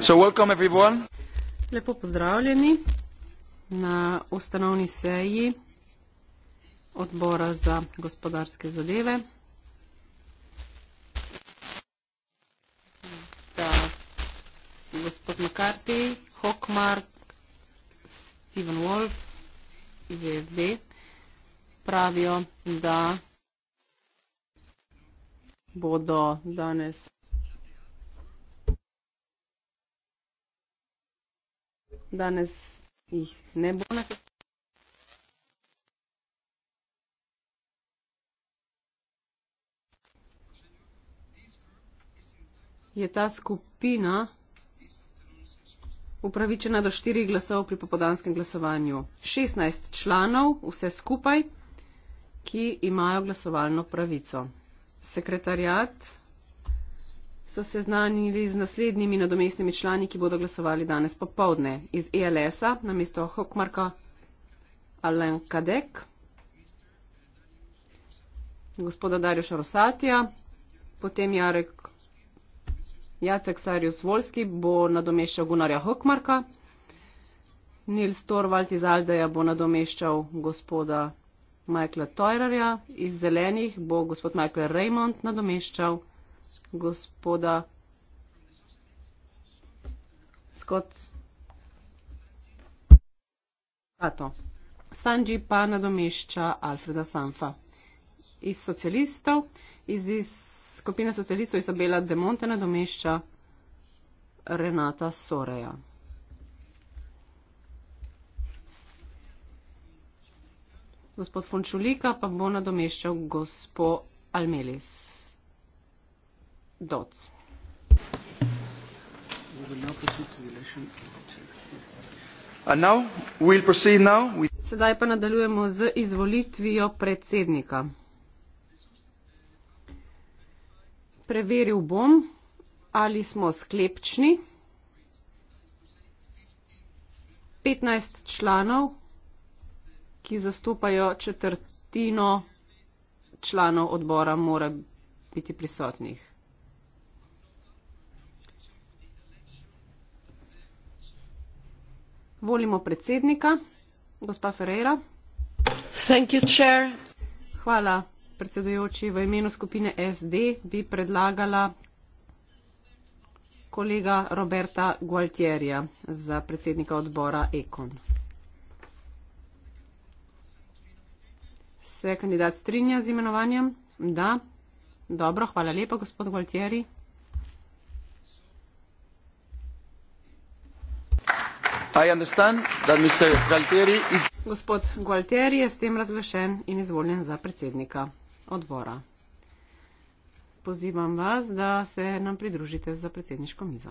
So welcome everyone. Lepo pozdravljeni na ustanovni seji odbora za gospodarske zadeve. Da, gospod McCarthy, Hockmark, Stephen Wolf iz ESD pravijo, da bodo danes danes jih ne bo na sestavu. Je ta skupina upravičena do štirih glasov pri popodanskem glasovanju. 16 članov, vse skupaj, ki imajo glasovalno pravico. Sekretarjat so seznanili z naslednjimi nadomestnimi člani, ki bodo glasovali danes popovdne. Iz ELS-a na mesto Hokmarka Alen Kadek, gospoda Darjoša Rosatija, potem Jarek Jacek Sarius Volski bo nadomeščal Gunarja Hokmarka, Nils Torvald iz Aldeja bo nadomeščal gospoda Michaela Teurerja, iz Zelenih bo gospod Michael Raymond nadomeščal gospoda Scott Sato. Sanji pa nadomešča Alfreda Sanfa. Iz socialistov, iz, iz skupine socialistov Isabela Demonte nadomešča Renata Soreja. Gospod Fončulika pa bo nadomeščal gospod Almelis sedaj pa nadaljujemo z izvolitvijo predsednika preveril bom ali smo sklepčni petnajst članov ki zastopajo četrtino članov odbora mora biti prisotnih volimo predsednika gospa Ferreira. Hvala predsedujoči v imenu skupine SD bi predlagala kolega Roberta Gualtierja za predsednika odbora Ekon. Se kandidat strinja z imenovanjem? Da. Dobro, hvala lepa, gospod Gualtieri. gospod gualtieri je s tem razglašen in izvoljen za predsednika odbora pozivam vas da se nam pridružite za predsedniško mizo.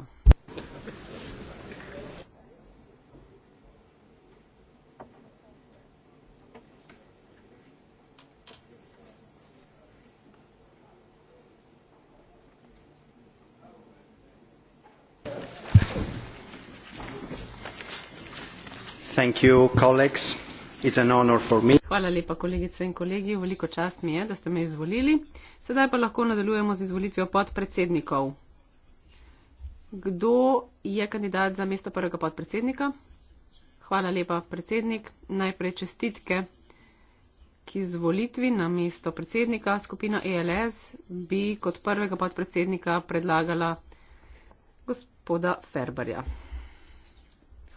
hvala lepa kolegice in kolegi veliko čast mi je da ste me izvolili sedaj pa lahko nadaljujemo z izvolitvijo podpredsednikov kdo je kandidat za mesto prvega podpredsednika hvala lepa predsednik najprej čestitke k izvolitvi na mesto predsednika skupina ELS bi kot prvega podpredsednika predlagala gospoda Ferberja.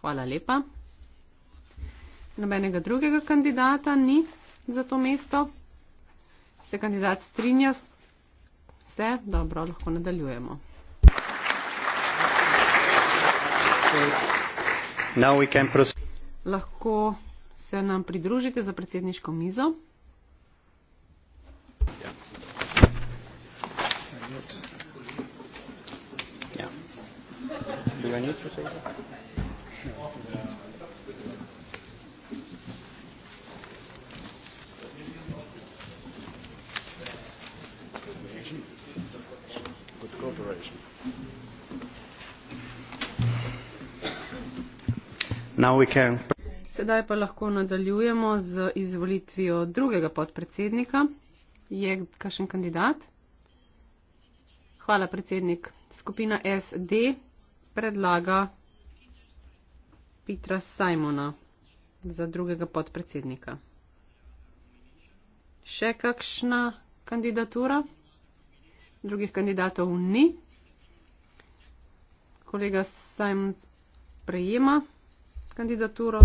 Hvala lepa. Nobenega drugega kandidata ni za to mesto. Se kandidat strinja? Se? Dobro, lahko nadaljujemo. Lahko se nam pridružite za predsedniško mizo. Yeah. Do I need to say that? No. Sedaj pa lahko nadaljujemo z izvolitvijo drugega podpredsednika. Je kakšen kandidat? Hvala, predsednik. Skupina SD predlaga Petra Simona za drugega podpredsednika. Še kakšna kandidatura? Drugih kandidatov ni. Kolega Simons prejema kandidaturo.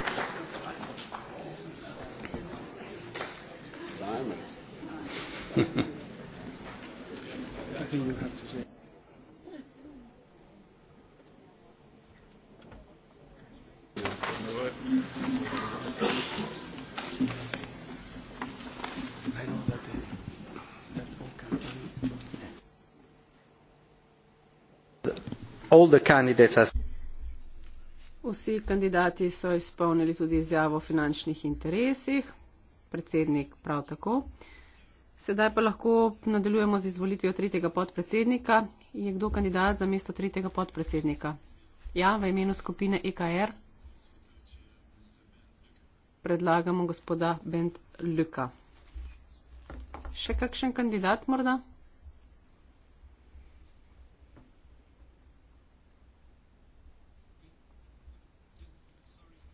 All the candidates are Vsi kandidati so izpolnili tudi izjavo o finančnih interesih, predsednik prav tako. Sedaj pa lahko nadaljujemo z izvolitvijo tretjega podpredsednika. Je kdo kandidat za mesto tretjega podpredsednika? Ja, v imenu skupine EKR predlagamo gospoda Bent Luka. Še kakšen kandidat morda?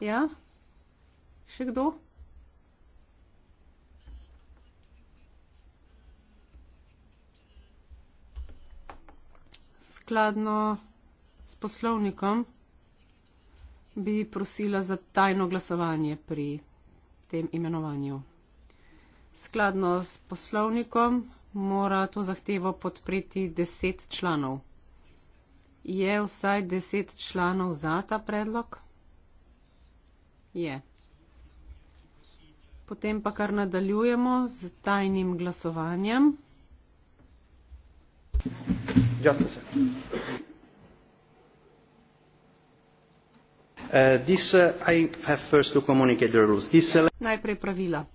Ja? Še kdo? Skladno s poslovnikom bi prosila za tajno glasovanje pri tem imenovanju. Skladno s poslovnikom mora to zahtevo podpreti deset članov. Je vsaj deset članov za ta predlog? je. Potem pa kar nadaljujemo z tajnim glasovanjem. Ja, se se. Uh, this, uh, I have first to communicate the rules. This, uh, Najprej pravila.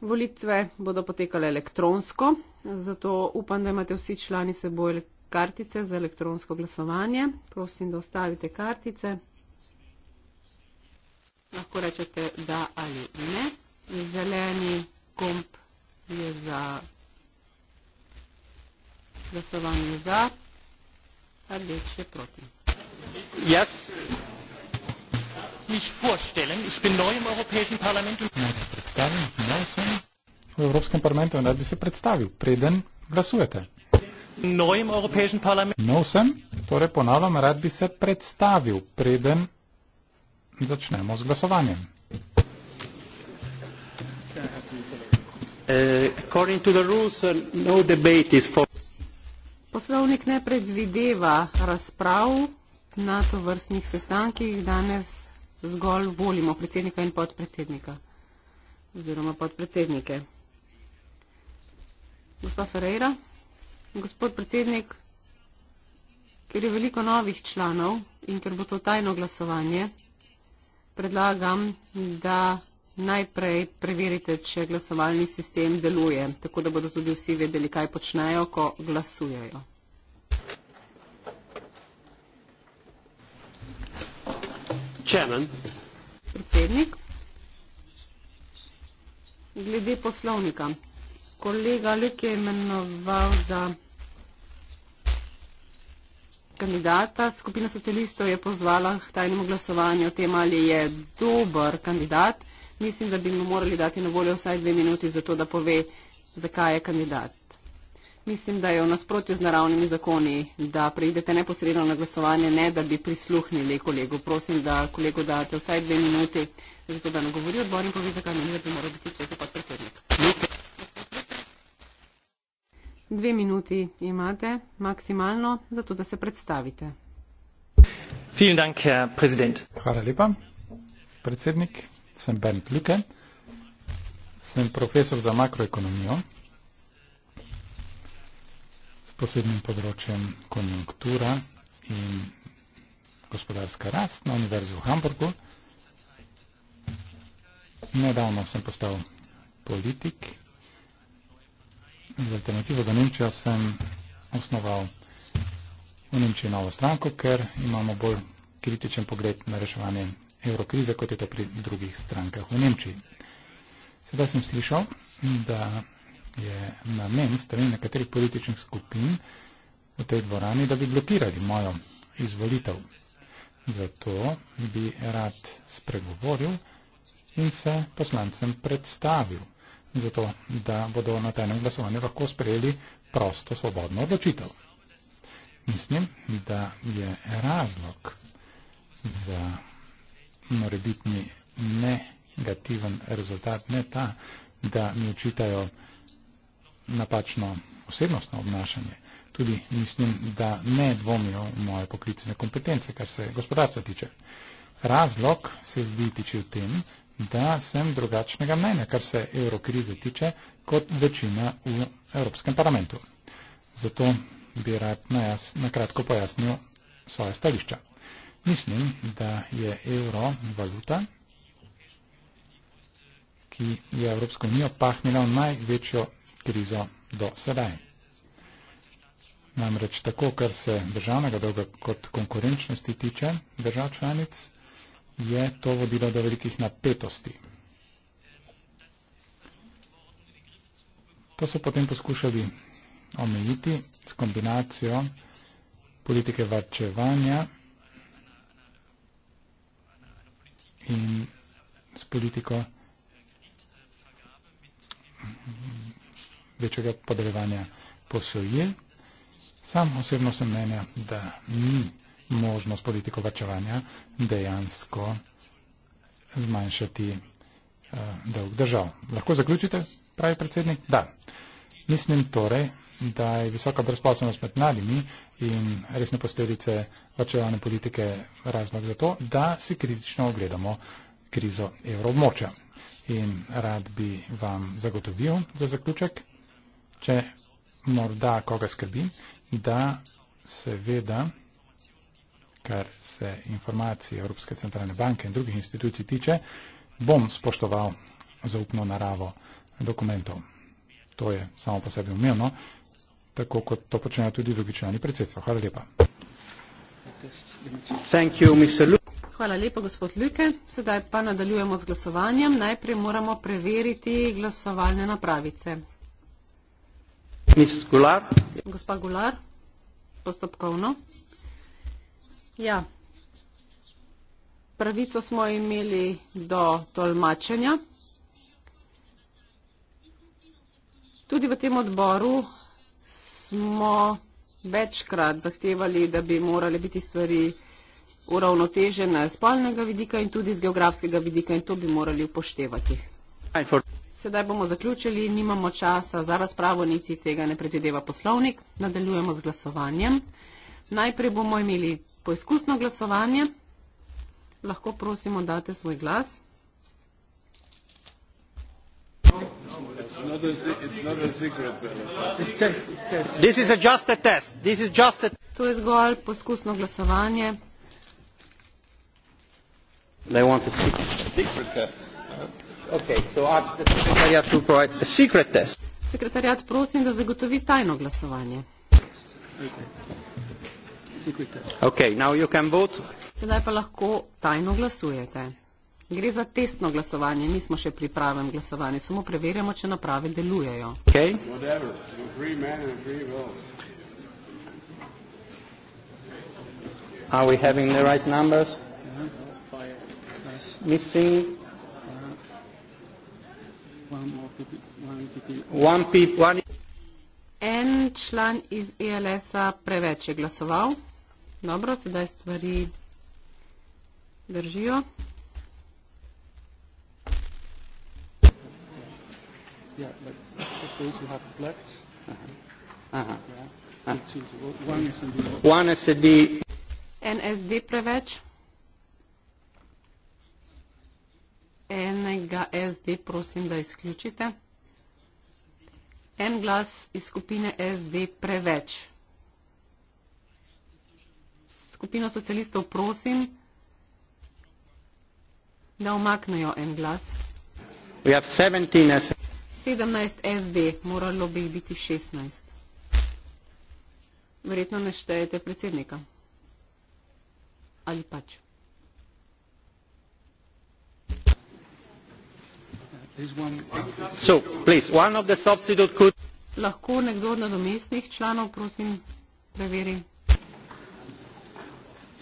Volitve bodo potekale elektronsko, zato upam, da imate vsi člani seboj kartice za elektronsko glasovanje. Prosim, da ostavite kartice lahko rečete da ali ne. Zeleni gomb je za glasovanje za, rdeč je proti. Jaz mich vorstellen, ich bin neu im Europäischen Parlament und... Naj se predstavim, naj sem v Evropskem parlamentu, naj bi se predstavil, preden glasujete. Neu im Europäischen Parlament... Nov sem, torej ponavljam, rad bi se predstavil, preden Začnemo z glasovanjem. Eh, uh, no Poslovnik ne predvideva razprav na to vrstnih sestankih. Danes zgolj volimo predsednika in podpredsednika oziroma podpredsednike. Gospa Ferreira, gospod predsednik, ker je veliko novih članov in ker bo to tajno glasovanje, predlagam, da najprej preverite, če glasovalni sistem deluje, tako da bodo tudi vsi vedeli, kaj počnejo, ko glasujejo. Chairman. Predsednik. Glede poslovnika. Kolega Lek je imenoval za kandidata. Skupina socialistov je pozvala k tajnemu glasovanju o tem, ali je dober kandidat. Mislim, da bi mu morali dati na voljo vsaj dve minuti za to, da pove, zakaj je kandidat. Mislim, da je v nasprotju z naravnimi zakoni, da prejdete neposredno na glasovanje, ne da bi prisluhnili kolegu. Prosim, da kolegu date vsaj dve minuti, zato da ne govori odbor in pove, zakaj ne bi moral biti tretji podpredsednik. Dve minuti imate maksimalno, zato da se predstavite. Dank, Herr Hvala lepa, predsednik. Sem Bernd Luke, sem profesor za makroekonomijo s posebnim področjem konjunktura in gospodarska rast na Univerzi v Hamburgu. Nedavno sem postal politik z alternativo za Nemčijo sem osnoval v Nemčiji novo stranko, ker imamo bolj kritičen pogled na reševanje evrokrize, kot je to pri drugih strankah v Nemčiji. Sedaj sem slišal, da je namen strani nekaterih političnih skupin v tej dvorani, da bi blokirali mojo izvolitev. Zato bi rad spregovoril in se poslancem predstavil zato da bodo na tajnem glasovanju lahko sprejeli prosto, svobodno odločitev. Mislim, da je razlog za morebitni negativen rezultat ne ta, da mi očitajo napačno osebnostno obnašanje. Tudi mislim, da ne dvomijo v moje poklicne kompetence, kar se gospodarstva tiče. Razlog se zdi tiče v tem, da sem drugačnega mnenja, kar se eurokrize tiče, kot večina v Evropskem parlamentu. Zato bi rad na, jas, na kratko pojasnil svoje stališča. Mislim, da je evro valuta, ki je Evropsko unijo pahnila v največjo krizo do sedaj. Namreč tako, kar se državnega dolga kot konkurenčnosti tiče držav članic, je to vodilo do velikih napetosti. To so potem poskušali omejiti s kombinacijo politike varčevanja in s politiko večjega podeljevanja posojil. Sam osebno sem mnenja, da ni možnost politiko vrčevanja dejansko zmanjšati uh, dolg držav. Lahko zaključite, pravi predsednik? Da. Mislim torej, da je visoka brezposobnost med mladimi in resne posledice vrčevalne politike razlog za to, da si kritično ogledamo krizo evroobmoča. In rad bi vam zagotovil za zaključek, če morda koga skrbi, da seveda kar se informacij Evropske centralne banke in drugih institucij tiče, bom spoštoval zaupno naravo dokumentov. To je samo po sebi umevno, tako kot to počnejo tudi drugi člani predsedstva. Hvala lepa. Hvala lepa, gospod Ljuke. Sedaj pa nadaljujemo z glasovanjem. Najprej moramo preveriti glasovalne napravice. Gospa Gular, postopkovno. Ja. Pravico smo imeli do tolmačenja. Tudi v tem odboru smo večkrat zahtevali, da bi morali biti stvari uravnotežene spolnega vidika in tudi z geografskega vidika in to bi morali upoštevati. Sedaj bomo zaključili, nimamo časa za razpravo, niti tega ne predvideva poslovnik. Nadaljujemo z glasovanjem. Najprej bomo imeli poizkusno glasovanje. Lahko prosimo date svoj glas. To je zgolj poskusno glasovanje. They want a secret, a secret test. Uh -huh. Okay, so ask the secretariat to provide a secret test. Sekretariat prosim da zagotovi tajno glasovanje. Okay. Okay, Sedaj pa lahko tajno glasujete. Gre za testno glasovanje, nismo še pri pravem glasovanju, samo preverjamo, če naprave delujejo. Okay. Are we having the right numbers? Uh-huh. Missing uh-huh. one people. One. En član iz ELS-a preveč je glasoval. Dobro, sedaj stvari držijo. En SD preveč. Enega SD prosim, da izključite. En glas iz skupine SD preveč skupino socialistov prosim, da omaknejo en glas. 17, 17 SD, moralo bi jih biti 16. Verjetno ne štejete predsednika. Ali pač. One... So, please, one Lahko nekdo od nadomestnih članov, prosim, preveri.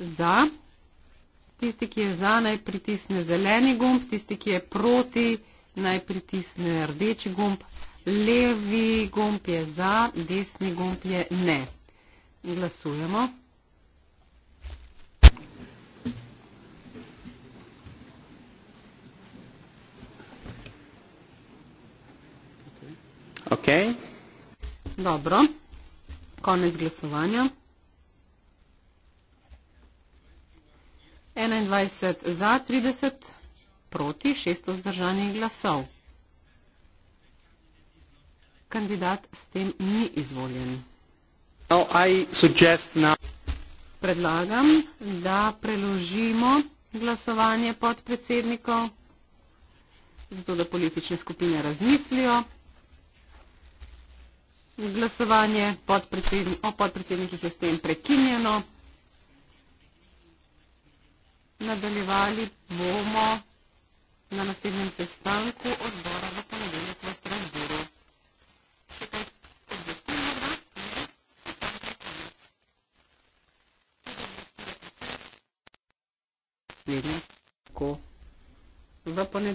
za. Tisti, ki je za, naj pritisne zeleni gumb, tisti, ki je proti, naj pritisne rdeči gumb, levi gumb je za, desni gumb je ne. Glasujemo. Okay. Dobro, konec glasovanja. 23 za, 30 proti, 6 vzdržanih glasov. Kandidat s tem ni izvoljen. Predlagam, da preložimo glasovanje podpredsednikov, zato da politične skupine razmislijo. Glasovanje podpredsedni o podpredsednikih je s tem prekinjeno. Nadaljevali bomo na naslednjem sestanku odbora v ponedeljek v Strasburu.